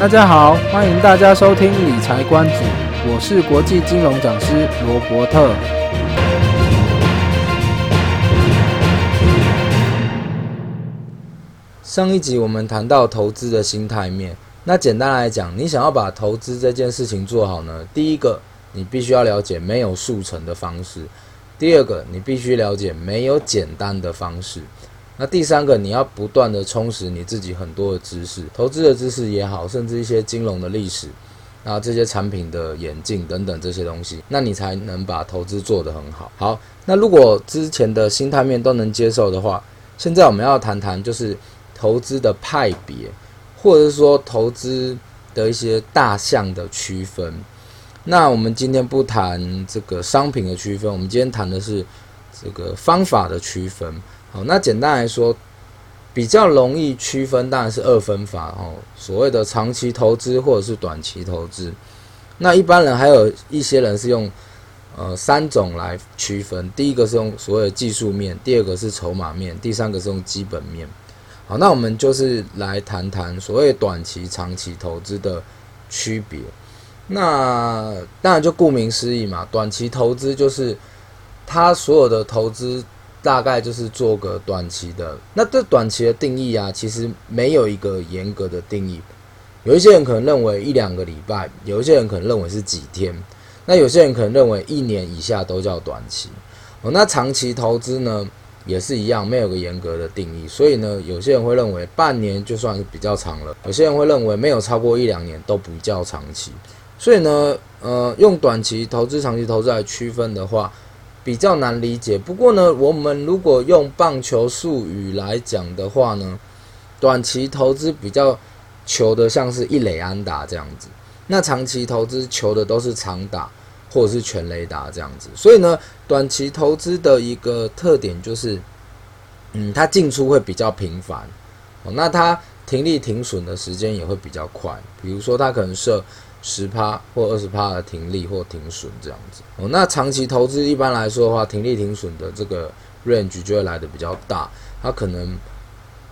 大家好，歡迎大家收聽理財觀止，我是國際金融講師羅伯特。上一集我們談到投資的心態面，那簡單來講，你想要把投資這件事情做好呢，第一個你必須要了解沒有速成的方式，第二個你必須了解沒有簡單的方式。那第三個，你要不斷的充實你自己很多的知識，投資的知識也好，甚至一些金融的歷史，啊，這些產品的演進等等這些東西，那你才能把投資做得很好。好，那如果之前的心態面都能接受的話，現在我們要談談就是投資的派別，或者說投資的一些大項的區分。那我們今天不談這個商品的區分，我們今天談的是這個方法的區分。好，那簡單來說，比較容易區分當然是二分法哦，所謂的長期投資或者是短期投資。那一般人還有一些人是用呃三種來區分，第一個是用所謂的技術面，第二個是籌碼面，第三個是用基本面。好，那我們就是來談談所謂短期、長期投資的區別。那當然就顧名思義嘛，短期投資就是他所有的投資。大概就是做個短期的，那這短期的定義啊，其實沒有一個嚴格的定義。有一些人可能認為一兩個禮拜，有一些人可能認為是幾天，那有些人可能認為一年以下都叫短期。哦，那長期投資呢，也是一樣沒有個嚴格的定義。所以呢，有些人會認為半年就算是比較長了，有些人會認為沒有超過一兩年都不叫長期。所以呢，呃，用短期投資、長期投資來區分的話。比較難理解，不過呢，我們如果用棒球術語來講的話呢，短期投資比較求的像是一壘安打這樣子，那長期投資求的都是長打或者是全壘打這樣子。所以呢，短期投資的一個特點就是，嗯，它進出會比較頻繁，那它停利停損的時間也會比較快，比如說它可能設十趴或二十趴的停利或停損這樣子哦、喔，那長期投資一般來說的話，停利停損的這個 range 就會來得比較大，它可能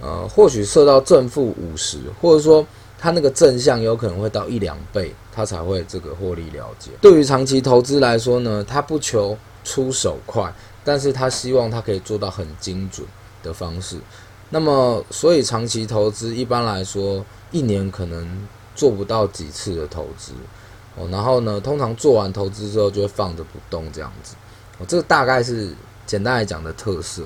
呃，或許設到正負五十，或者說它那個正向有可能會到一兩倍，它才會這個獲利了結。對於長期投資來說呢，它不求出手快，但是他希望他可以做到很精準的方式。那麼，所以長期投資一般來說，一年可能。做不到幾次的投資，哦，然後呢，通常做完投資之後就會放着不動這樣子，哦，這個大概是簡單來講的特色，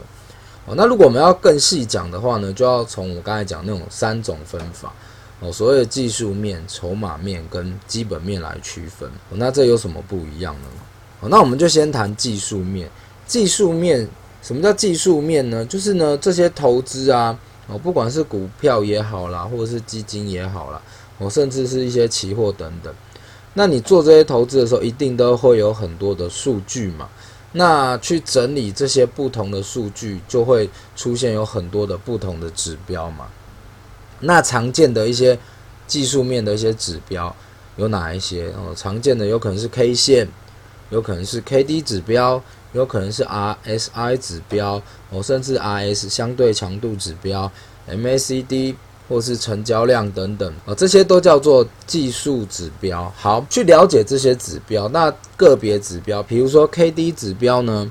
哦，那如果我們要更細講的話呢，就要從我剛才講那種三種分法，哦，所謂的技術面、籌碼面跟基本面來區分，那這有什麼不一樣呢？哦，那我們就先談技術面，技術面什麼叫技術面呢？就是呢這些投資啊，哦，不管是股票也好啦，或者是基金也好啦。我甚至是一些期貨等等，那你做這些投資的時候，一定都會有很多的數據嘛。那去整理這些不同的數據，就會出現有很多的不同的指標嘛。那常見的一些技術面的一些指標有哪一些？哦，常見的有可能是 K 線，有可能是 KD 指標，有可能是 RSI 指標，哦，甚至 RS 相對強度指標、MACD。或是成交量等等啊，哦，這些都叫做技術指標。好，去了解這些指標。那個別指標，比如說 KD 指標呢，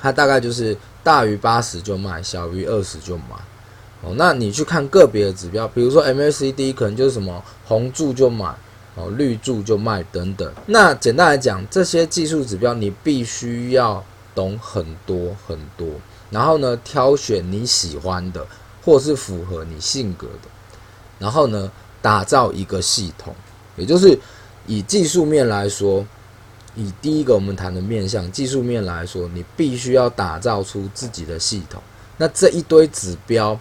它大概就是大於八十就賣，小於二十就買。哦，那你去看個別的指標，比如說 MACD，可能就是什麼紅柱就買，哦，綠柱就賣等等。那簡單來講，這些技術指標你必須要懂很多很多，然後呢，挑選你喜歡的，或是符合你性格的，然後呢，打造一個系統，也就是以技術面來說，以第一個我們談的面向技術面來說，你必須要打造出自己的系統。那這一堆指標，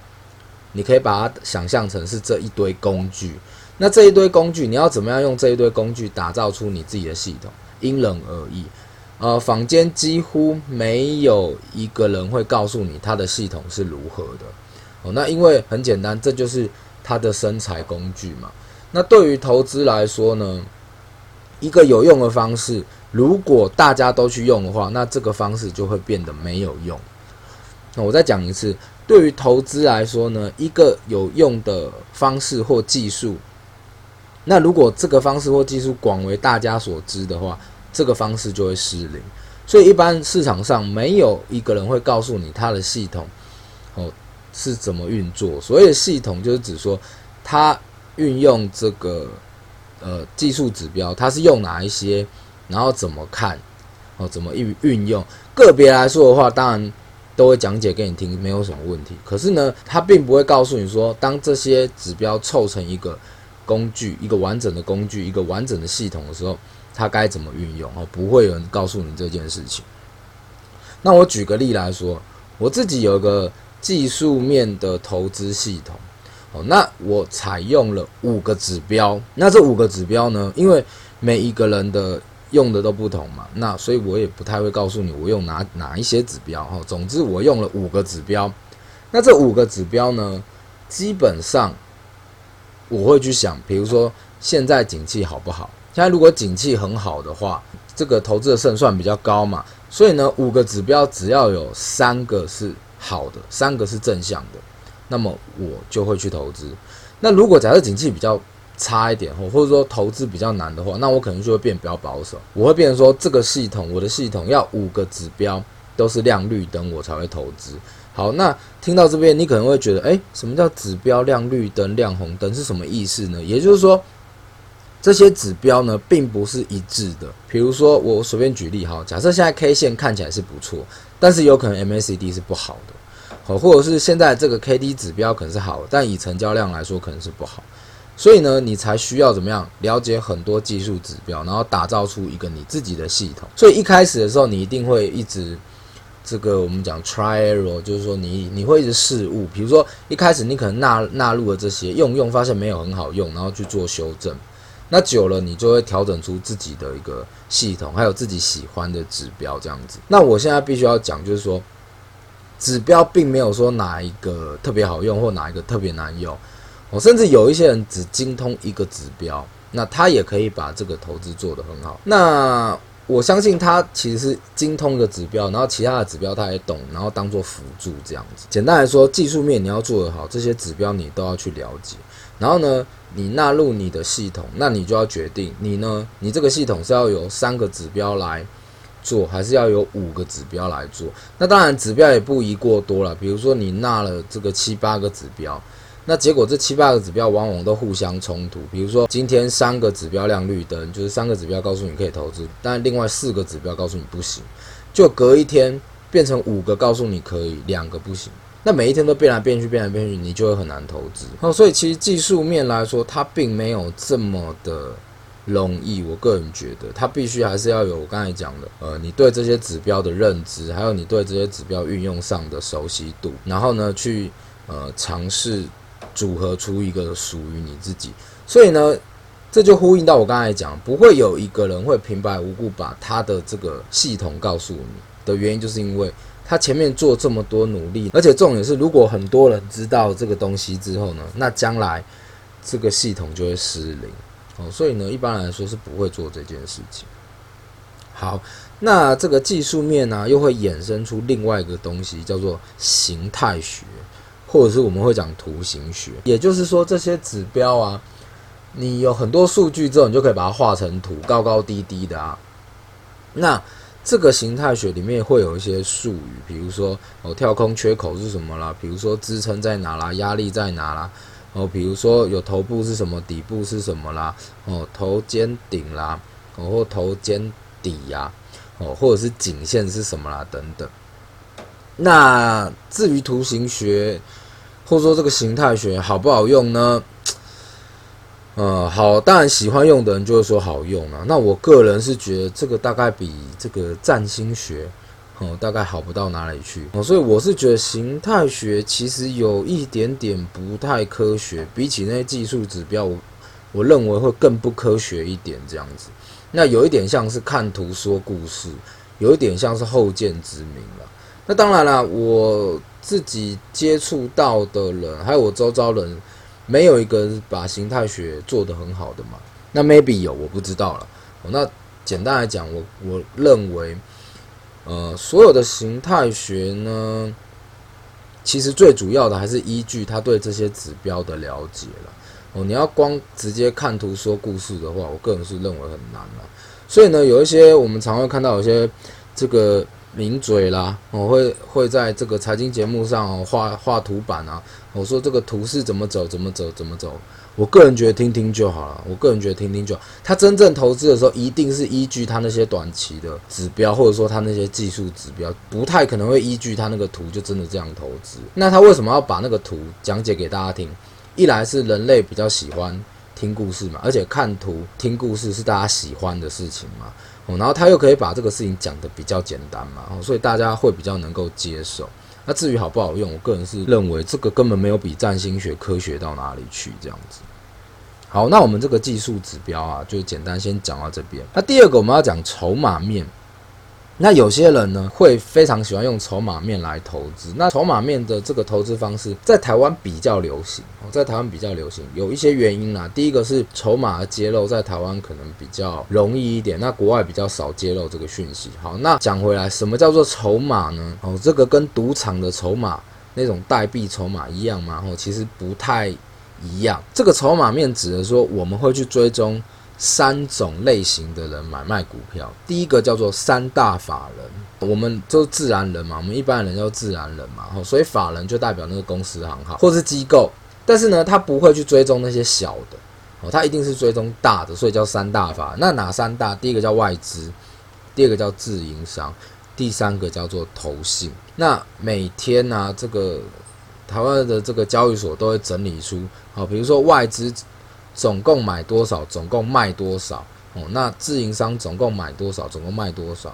你可以把它想象成是這一堆工具。那這一堆工具，你要怎麼樣用這一堆工具打造出你自己的系統？因人而異。呃，坊間幾乎沒有一個人會告訴你他的系統是如何的。哦，那因為很簡單，這就是它的生財工具嘛。那對於投資來說呢，一個有用的方式，如果大家都去用的話，那這個方式就會變得沒有用。那我再講一次，對於投資來說呢，一個有用的方式或技術，那如果這個方式或技術廣為大家所知的話，這個方式就會失靈。所以，一般市場上沒有一個人會告訴你他的系統哦。是怎麼運作？所謂的系統就是指說，它運用這個呃技術指標，它是用哪一些，然後怎麼看，哦，怎麼運運用？個別來說的話，當然都會講解給你聽，沒有什麼問題。可是呢，它並不會告訴你說，當這些指標湊成一個工具、一個完整的工具、一個完整的系統的時候，它該怎麼運用？哦，不會有人告訴你這件事情。那我舉個例來說，我自己有一個。技術面的投資系統，哦，那我採用了五個指標。那這五個指標呢，因為每一個人的用的都不同嘛，那所以我也不太會告訴你我用哪哪一些指標哈。總之我用了五個指標。那這五個指標呢，基本上我會去想，比如說現在景氣好不好？現在如果景氣很好的話，這個投資的勝算比較高嘛。所以呢，五個指標只要有三個是好的，三個是正向的，那麼我就會去投資。那如果假設景氣比較差一點，或或者說投資比較難的話，那我可能就會變比較保守。我會變成說，這個系統，我的系統要五個指標都是亮綠燈，我才會投資。好，那聽到這邊，你可能會覺得，誒、欸，什麼叫指標亮綠燈、亮紅燈是什麼意思呢？也就是說。這些指標呢，並不是一致的。比如說，我隨便舉例哈，假設現在 K 線看起來是不錯，但是有可能 MACD 是不好的，好，或者是現在這個 KD 指標可能是好的，但以成交量來說可能是不好，所以呢，你才需要怎麼樣了解很多技術指標，然後打造出一個你自己的系統。所以一開始的時候，你一定會一直這個我們講 try error，就是說，你你會一直試誤，比如說一開始你可能納納入了這些用用，發現沒有很好用，然後去做修正。那久了，你就會調整出自己的一個系統，還有自己喜歡的指標這樣子。那我現在必須要講，就是說，指標並沒有說哪一個特別好用，或哪一個特別難用。我甚至有一些人只精通一個指標，那他也可以把這個投資做得很好。那我相信他其實是精通的指標，然後其他的指標他也懂，然後當做輔助這樣子。簡單來說，技術面你要做得好，這些指標你都要去了解。然後呢，你納入你的系統，那你就要決定你呢，你這個系統是要有三個指標來做，還是要有五個指標來做？那當然，指標也不宜過多啦。比如說，你納了這個七八個指標。那結果，這七八個指標往往都互相衝突。比如說，今天三個指標亮綠燈，就是三個指標告訴你可以投資，但另外四個指標告訴你不行。就隔一天變成五個告訴你可以，兩個不行。那每一天都變來變去，變來變去，你就會很難投資。那、嗯、所以其實技術面來說，它並沒有這麼的容易。我個人覺得，它必須還是要有我剛才講的，呃，你對這些指標的認知，還有你對這些指標運用上的熟悉度，然後呢，去呃嘗試。組合出一個屬於你自己，所以呢，這就呼應到我剛才講，不會有一個人會平白無故把他的這個系統告訴你的原因，就是因為他前面做這麼多努力，而且重點是，如果很多人知道這個東西之後呢，那將來這個系統就會失靈，哦，所以呢，一般來說是不會做這件事情。好，那這個技術面呢、啊，又會衍生出另外一個東西，叫做形態學。或者是我們會講圖形學，也就是說這些指標啊，你有很多數據之後，你就可以把它畫成圖，高高低低的啊。那這個形態學裡面會有一些術語，比如說哦，跳空缺口是什麼啦，比如說支撐在哪啦，壓力在哪啦，哦，比如說有頭部是什麼，底部是什麼啦，哦，頭肩頂啦，哦，或頭肩底呀、啊，哦，或者是頸線是什麼啦等等。那至於圖形學。或者說這個形態學好不好用呢？呃，好，當然喜歡用的人就會說好用了。那我個人是覺得這個大概比這個占星學，哦，呃，大概好不到哪裡去。呃，所以我是覺得形態學其實有一點點不太科學，比起那些技術指標我，我我認為會更不科學一點這樣子。那有一點像是看圖說故事，有一點像是後見之明了。那當然了，我。自己接觸到的人，還有我周遭人，沒有一個人把形態學做得很好的嘛？那 maybe 有，我不知道了。哦，那簡單來講，我我認為，呃，所有的形態學呢，其實最主要的還是依據他對這些指標的了解了。哦，你要光直接看圖說故事的話，我個人是認為很難了。所以呢，有一些我們常會看到有些這個。名嘴啦，我、哦、會會在這個財經節目上畫、哦、畫圖板啊。我、哦、說這個圖是怎麼走，怎麼走，怎麼走。我個人覺得聽聽就好了。我個人覺得聽聽就好。他真正投資的時候，一定是依據他那些短期的指標，或者說他那些技術指標，不太可能會依據他那個圖就真的這樣投資。那他為什麼要把那個圖講解給大家聽？一來是人類比較喜歡。聽故事嘛，而且看圖聽故事是大家喜歡的事情嘛，哦，然後他又可以把這個事情講得比較簡單嘛，哦，所以大家會比較能夠接受。那至於好不好用，我個人是認為這個根本沒有比占星學科學到哪裡去這樣子。好，那我們這個技術指標啊，就簡單先講到這邊。那第二個我們要講籌碼面。那有些人呢，會非常喜歡用籌碼面來投資。那籌碼面的這個投資方式在台灣比較流行，在台灣比較流行，有一些原因啦。第一個是籌碼的揭露在台灣可能比較容易一點，那國外比較少揭露這個訊息。好，那講回來，什麼叫做籌碼呢？哦，這個跟賭場的籌碼那種代幣籌碼一樣嗎？哦，其實不太一樣。這個籌碼面指的說，我們會去追蹤，三種類型的人買賣股票，第一個叫做三大法人，我們就是自然人嘛，我們一般人叫自然人嘛，吼，所以法人就代表那個公司、行號或是機構，但是呢，他不會去追蹤那些小的，哦，他一定是追蹤大的，所以叫三大法。那哪三大？第一個叫外資，第二個叫自營商，第三個叫做投信。那每天呢、啊，這個台灣的這個交易所都會整理出，好，比如說外資。總共買多少，總共賣多少，哦，那自營商總共買多少，總共賣多少，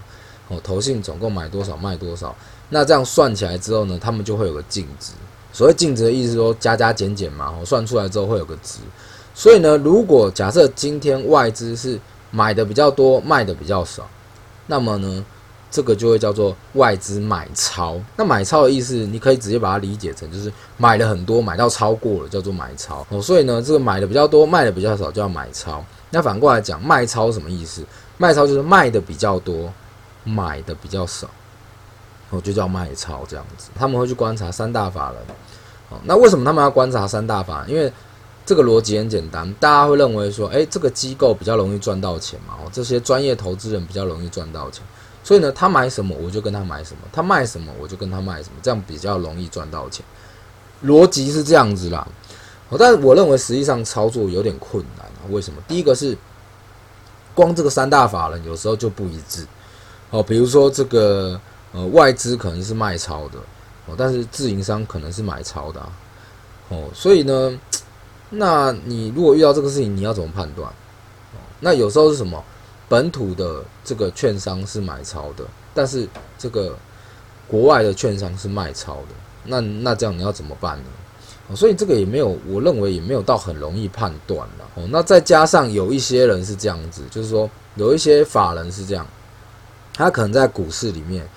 哦，投信總共買多少賣多少，那這樣算起來之後呢，他們就會有個淨值。所謂淨值的意思說加加減減嘛，哦，算出來之後會有個值。所以呢，如果假設今天外資是買的比較多，賣的比較少，那麼呢？這個就會叫做外資買超。那買超的意思，你可以直接把它理解成就是買了很多，買到超過了，叫做買超哦。所以呢，這個買的比較多，賣的比較少，叫買超。那反過來講，賣超什麼意思？賣超就是賣的比較多，買的比較少，哦，就叫賣超這樣子。他們會去觀察三大法人哦。那為什麼他們要觀察三大法人？因為這個邏輯很簡單，大家會認為說，欸，這個機構比較容易賺到錢嘛，哦，這些專業投資人比較容易賺到錢。所以呢，他買什麼我就跟他買什麼，他賣什麼我就跟他賣什麼，這樣比較容易賺到錢，邏輯是這樣子啦。哦，但是我認為實際上操作有點困難啊。為什麼？第一個是，光這個三大法人有時候就不一致。哦，比如說這個呃外資可能是賣超的，哦，但是自營商可能是買超的，啊，哦，所以呢，那你如果遇到這個事情，你要怎麼判斷？那有時候是什麼？本土的這個券商，是買超的，但是這個國外的券商，是賣超的，那那這樣你要怎麼辦呢？哦，所以這個也沒有，我認為也沒有到很容易判斷了。哦，那再加上有一些人是這樣子，就是說有一些法人是這樣，他可能在股市裡面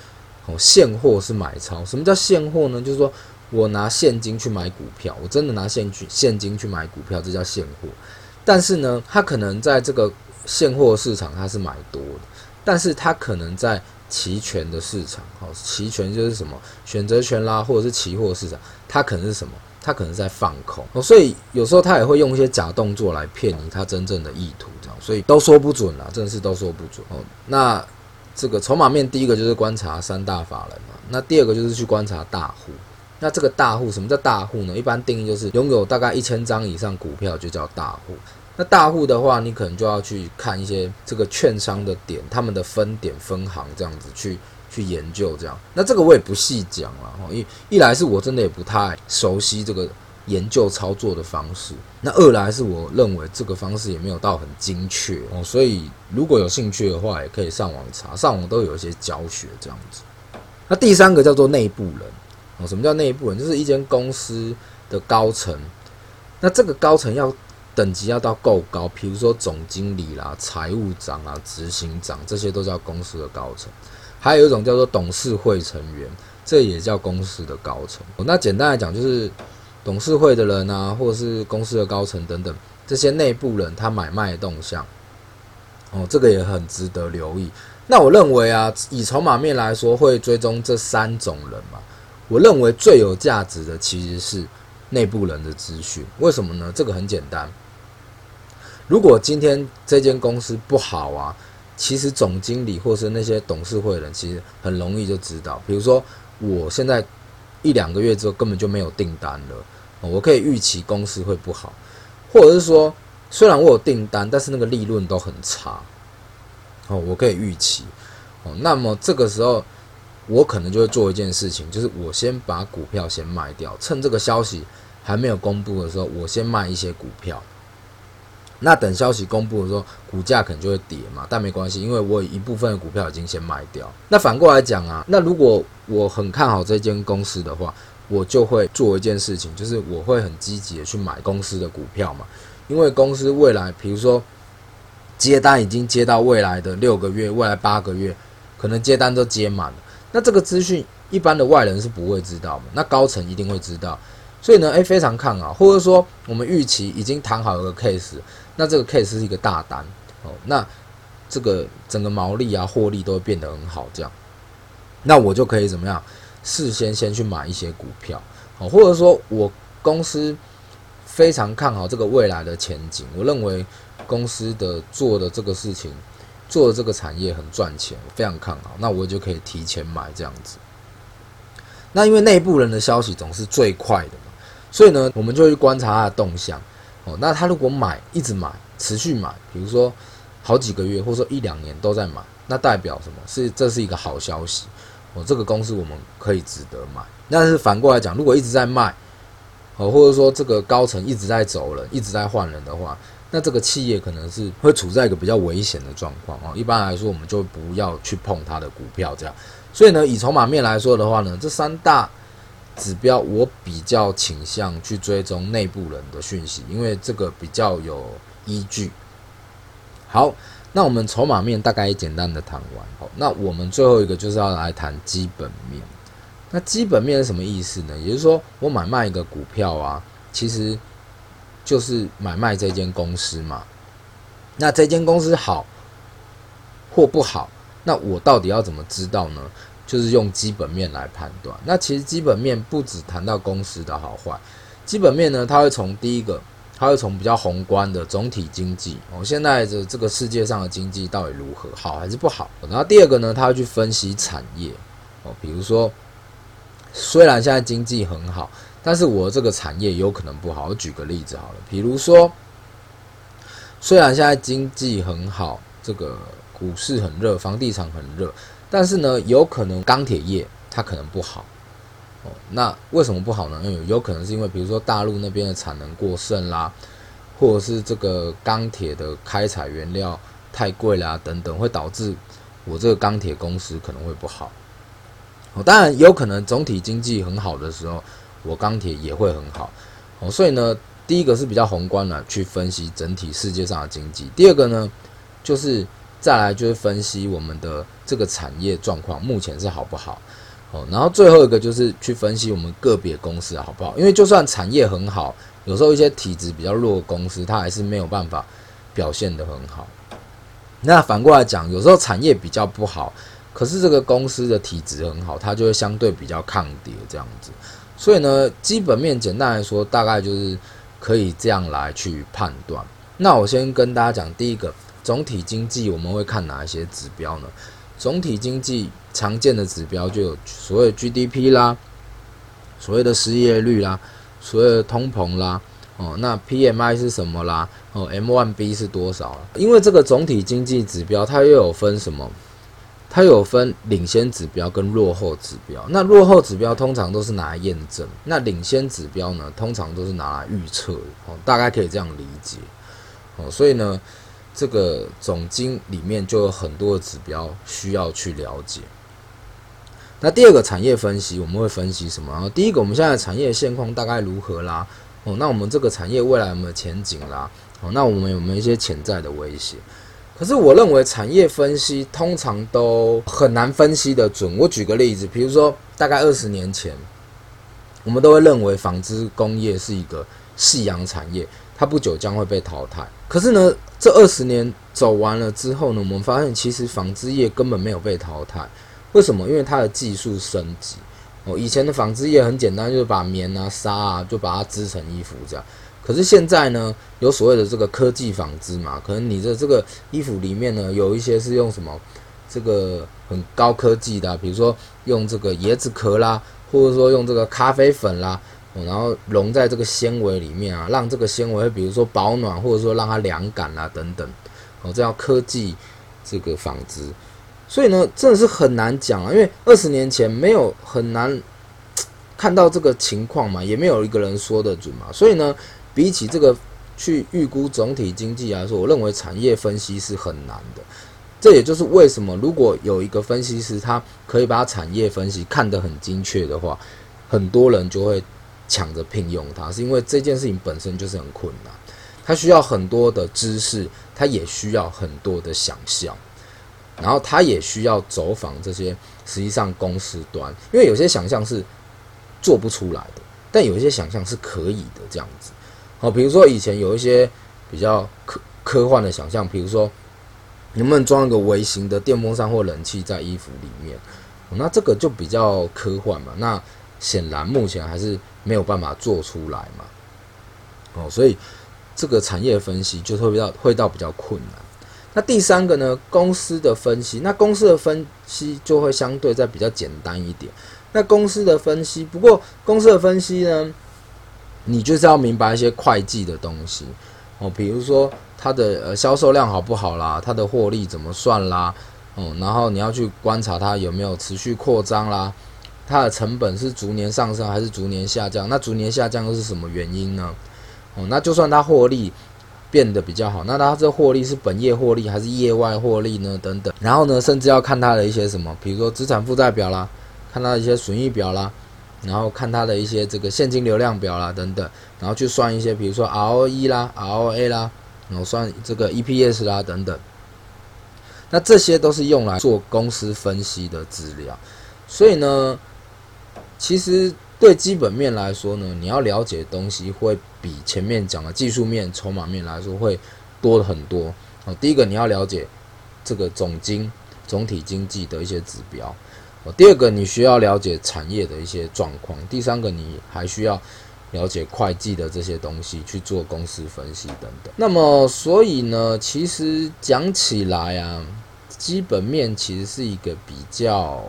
哦，現貨是買超。什麼叫現貨呢？就是說我拿現金去買股票，我真的拿現去現金去買股票，這叫現貨。但是呢，他可能在這個現貨市場它是買多的，但是它可能在期權的市場，好，期權就是什麼選擇權啦，或者是期貨市場，它可能是什麼？它可能是在放空喔，所以有時候它也會用一些假動作來騙你它真正的意圖，這樣，所以都說不準啦，真的是都說不準哦喔。那這個籌碼面第一個就是觀察三大法人嘛，那第二個就是去觀察大戶，那這個大戶什麼叫大戶呢？一般定義就是擁有大概一千張以上股票就叫大戶。那大戶的話，你可能就要去看一些這個券商的點，他們的分點分行這樣子去去研究這樣。那這個我也不細講了哈，一一來是我真的也不太熟悉這個研究操作的方式，那二來是我認為這個方式也沒有到很精確哦。所以如果有興趣的話，也可以上網查，上網都有一些教學這樣子。那第三個叫做內部人哦，什麼叫內部人？就是一間公司的高層，那這個高層要。等級要到夠高，比如說總經理啦、財務長啊、執行長，這些都叫公司的高層。還有一種叫做董事會成員，這也叫公司的高層。那簡單來講，就是董事會的人啊，或者是公司的高層等等，這些內部人他買賣動向，哦，這個也很值得留意。那我認為啊，以籌碼面來說，會追蹤這三種人嘛，我認為最有價值的其實是內部人的資訊，為什麼呢？這個很簡單。如果今天這間公司不好啊，其實總經理或是那些董事會的人其實很容易就知道。比如說，我現在一兩個月之後根本就沒有訂單了，我可以預期公司會不好，或者是說，雖然我有訂單，但是那個利潤都很差，哦，我可以預期。那麼這個時候我可能就會做一件事情，就是我先把股票先賣掉，趁這個消息還沒有公布的時候，我先賣一些股票。那等消息公布的時候，股價可能就會跌嘛，但沒關係，因為我有一部分的股票已經先賣掉。那反過來講啊，那如果我很看好這間公司的話，我就會做一件事情，就是我會很積極的去買公司的股票嘛。因為公司未來，比如說接單已經接到未來的六個月、未來八個月，可能接單都接滿了。那這個資訊一般的外人是不會知道嘛？那高層一定會知道。所以呢，誒、欸，非常看好，或者說我們預期已經談好一個 case。那這個 case 是一個大單哦，那這個整個毛利啊、獲利都會變得很好，這樣，那我就可以怎麼樣？事先先去買一些股票，哦，或者說我公司非常看好這個未來的前景，我認為公司的做的這個事情，做的這個產業很賺錢，非常看好，那我就可以提前買這樣子。那因為內部人的消息總是最快的嘛，所以呢，我們就去觀察它的動向。哦，那他如果買，一直買，持續買，比如說好幾個月，或者說一兩年都在買，那代表什麼？是這是一個好消息，哦，這個公司我們可以值得買。但是反過來講，如果一直在賣，哦，或者說這個高層一直在走人，一直在換人的話，那這個企業可能是會處在一個比較危險的狀況哦。一般來說，我們就不要去碰它的股票這樣。所以呢，以籌碼面來說的話呢，這三大。指標我比較傾向去追蹤內部人的訊息，因為這個比較有依據。好，那我們籌碼面大概也簡單的談完，好，那我們最後一個就是要來談基本面。那基本面是什麼意思呢？也就是說，我買賣一個股票啊，其實就是買賣這間公司嘛。那這間公司好或不好，那我到底要怎麼知道呢？就是用基本面來判斷。那其實基本面不只談到公司的好壞，基本面呢，它會從第一個，它會從比較宏觀的總體經濟。哦，現在的這個世界上的經濟到底如何，好還是不好？哦，然後第二個呢，它會去分析產業。哦，比如說，雖然現在經濟很好，但是我這個產業有可能不好。我舉個例子好了，比如說，雖然現在經濟很好，這個股市很熱，房地產很熱。但是呢，有可能鋼鐵業它可能不好，哦，那為什麼不好呢？有有可能是因為比如說大陸那邊的產能過剩啦，或者是這個鋼鐵的開採原料太貴啦等等，會導致我這個鋼鐵公司可能會不好。哦，當然有可能總體經濟很好的時候，我鋼鐵也會很好。哦，所以呢，第一個是比較宏觀的去分析整體世界上的經濟，第二個呢就是。再來就是分析我們的這個產業狀況，目前是好不好？哦，然後最後一個就是去分析我們個別公司好不好？因為就算產業很好，有時候一些體質比較弱的公司，它還是沒有辦法表現得很好。那反過來講，有時候產業比較不好，可是這個公司的體質很好，它就會相對比較抗跌這樣子。所以呢，基本面簡單來說，大概就是可以這樣來去判斷。那我先跟大家講第一個。總體經濟我們會看哪一些指標呢？總體經濟常見的指標就有所謂 GDP 啦，所謂的失業率啦，所謂的通膨啦，哦，那 PMI 是什麼啦？哦，M1B 是多少啦？因為這個總體經濟指標它又有分什麼？它有分領先指標跟落後指標。那落後指標通常都是拿來驗證，那領先指標呢，通常都是拿來預測的。哦，大概可以這樣理解。哦，所以呢？這個總經裡面就有很多的指標需要去了解。那第二個產業分析，我們會分析什麼？然後第一個，我們現在的產業現況大概如何啦？哦，那我們這個產業未來有沒有前景啦？哦，那我們有沒有一些潛在的威脅？可是我認為產業分析通常都很難分析得準。我舉個例子，比如說大概二十年前，我們都會認為紡織工業是一個夕陽產業，它不久將會被淘汰。可是呢，這二十年走完了之後呢，我們發現其實紡織業根本沒有被淘汰。為什麼？因為它的技術升級。哦，以前的紡織業很簡單，就是把棉啊、紗啊，就把它織成衣服這樣。可是現在呢，有所謂的這個科技紡織嘛，可能你的這個衣服裡面呢，有一些是用什麼這個很高科技的啊，比如說用這個椰子殼啦，或者說用這個咖啡粉啦。哦、然後融在這個纖維裡面啊，讓這個纖維比如說保暖，或者說讓它涼感啊等等，哦，這叫科技這個紡織。所以呢，真的是很難講啊，因為二十年前沒有很難看到這個情況嘛，也沒有一個人說得準嘛。所以呢，比起這個去預估總體經濟來說，我認為產業分析是很難的。這也就是為什麼，如果有一個分析師他可以把產業分析看得很精確的話，很多人就會。搶着聘用他，是因為這件事情本身就是很困難，他需要很多的知識，他也需要很多的想象，然後他也需要走訪這些實際上公司端，因為有些想象是做不出來的，但有一些想象是可以的。這樣子，好，比如說以前有一些比較科科幻的想象，比如說能不能裝一個微型的電風扇或冷氣在衣服裡面，那這個就比較科幻嘛。那顯然目前還是。沒有辦法做出來嘛？哦，所以這個產業分析就會到會到比較困難。那第三個呢，公司的分析，那公司的分析就會相對在比較簡單一點。那公司的分析，不過公司的分析呢，你就是要明白一些會計的東西哦，比如說它的呃銷售量好不好啦，它的獲利怎麼算啦，哦、嗯，然後你要去觀察它有沒有持續擴張啦。它的成本是逐年上升還是逐年下降？那逐年下降又是什麼原因呢？哦、嗯，那就算它獲利變得比較好，那它這獲利是本業獲利還是業外獲利呢？等等。然後呢，甚至要看它的一些什麼，比如說資產負債表啦，看它的一些損益表啦，然後看它的一些這個現金流量表啦等等，然後去算一些，比如說 ROE 啦、ROA 啦，然後算這個 EPS 啦等等。那這些都是用來做公司分析的資料，所以呢。其實對基本面來說呢，你要了解的東西會比前面講的技術面、籌碼面來說會多很多。啊，第一個你要了解這個總經、總體經濟的一些指標；第二個你需要了解產業的一些狀況；第三個你還需要了解會計的這些東西去做公司分析等等。那麼，所以呢，其實講起來啊，基本面其實是一個比較...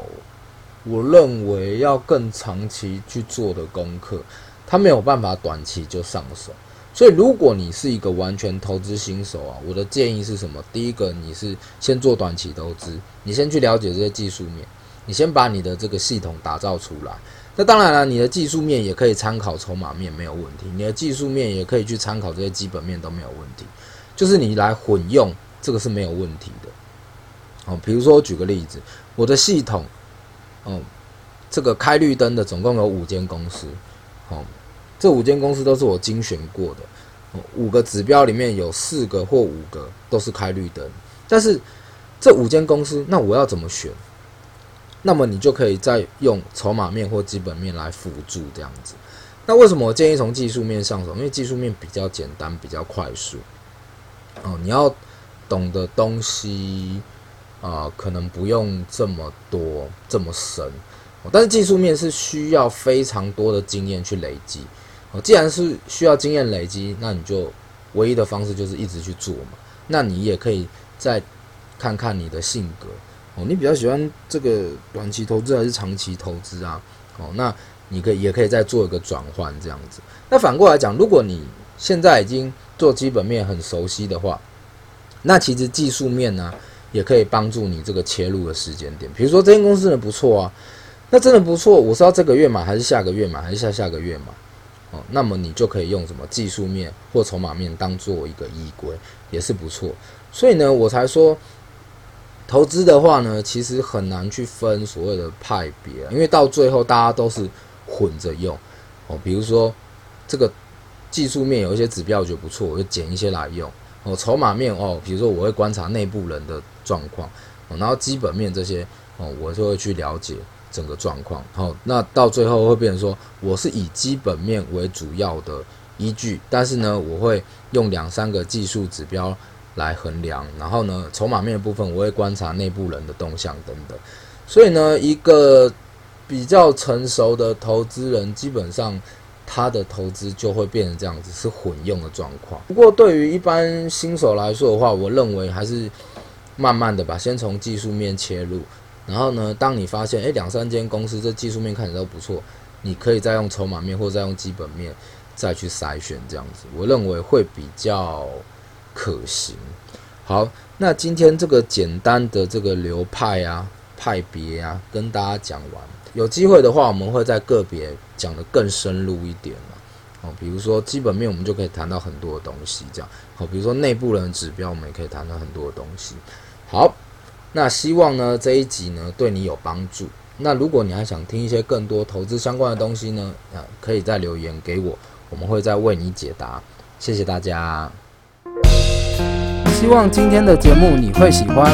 我認為要更長期去做的功課，它沒有辦法短期就上手。所以，如果你是一個完全投資新手啊，我的建議是什麼？第一個，你是先做短期投資，你先去了解這些技術面，你先把你的這個系統打造出來。那當然了啊，你的技術面也可以參考籌碼面，沒有問題，你的技術面也可以去參考這些基本面，都沒有問題，就是你來混用這個是沒有問題的。好，比如說我舉個例子，我的系統。哦、嗯，這個開綠燈的總共有五間公司，哦、嗯，這五間公司都是我精選過的，嗯、五個指標裡面有四個或五個都是開綠燈，但是這五間公司，那我要怎麼選？那麼你就可以再用籌碼面或基本面來輔助這樣子。那為什麼我建議從技術面上手？因為技術面比較簡單，比較快速。哦、嗯，你要懂得東西。啊、呃，可能不用這麼多這麼深、哦，但是技術面是需要非常多的經驗去累積。哦，既然是需要經驗累積，那你就唯一的方式就是一直去做嘛。那你也可以再看看你的性格哦，你比較喜歡這個短期投資還是長期投資啊？哦，那你可以也可以再做一個轉換這樣子。那反過來講，如果你現在已經做基本面很熟悉的話，那其實技術面呢、啊？也可以幫助你這個切入的時間點，比如說這間公司真的不錯啊，那真的不錯，我是要這個月買，還是下個月買，還是下下個月買？哦，那麼你就可以用什麼技術面或籌碼面當做一個依歸，也是不錯。所以呢，我才說投資的話呢，其實很難去分所謂的派別，因為到最後大家都是混着用。哦，比如說這個技術面有一些指標我覺得不錯，我就撿一些來用。哦，籌碼面哦，比如說我會觀察內部人的狀況，哦，然後基本面這些哦，我就會去了解整個狀況。好，哦，那到最後會變成說，我是以基本面為主要的依據，但是呢，我會用兩三個技術指標來衡量，然後呢，籌碼面的部分我會觀察內部人的動向等等。所以呢，一個比較成熟的投資人基本上。他的投資就會變成這樣子，是混用的狀況。不過對於一般新手來說的話，我認為還是慢慢的吧，先從技術面切入，然後呢，當你發現誒兩三間公司這技術面看起來都不錯，你可以再用籌碼面或者再用基本面再去篩選這樣子，我認為會比較可行。好，那今天這個簡單的這個流派啊、派別啊，跟大家講完。有機會的話，我們會在個別講得更深入一點哦，比如說基本面，我們就可以談到很多的東西，這樣，哦，比如說內部人的指標，我們也可以談到很多的東西。好，那希望呢這一集呢對你有幫助。那如果你還想聽一些更多投資相關的東西呢，啊，可以再留言給我，我們會再為你解答。謝謝大家。希望今天的節目你會喜歡。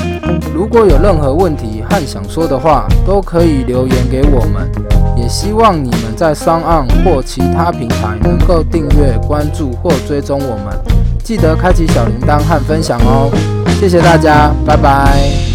如果有任何問題和想說的話，都可以留言給我們。也希望你們在 SoundOn 或其他平台能夠訂閱、關注或追蹤我們。記得開啟小鈴鐺和分享哦。謝謝大家，拜拜。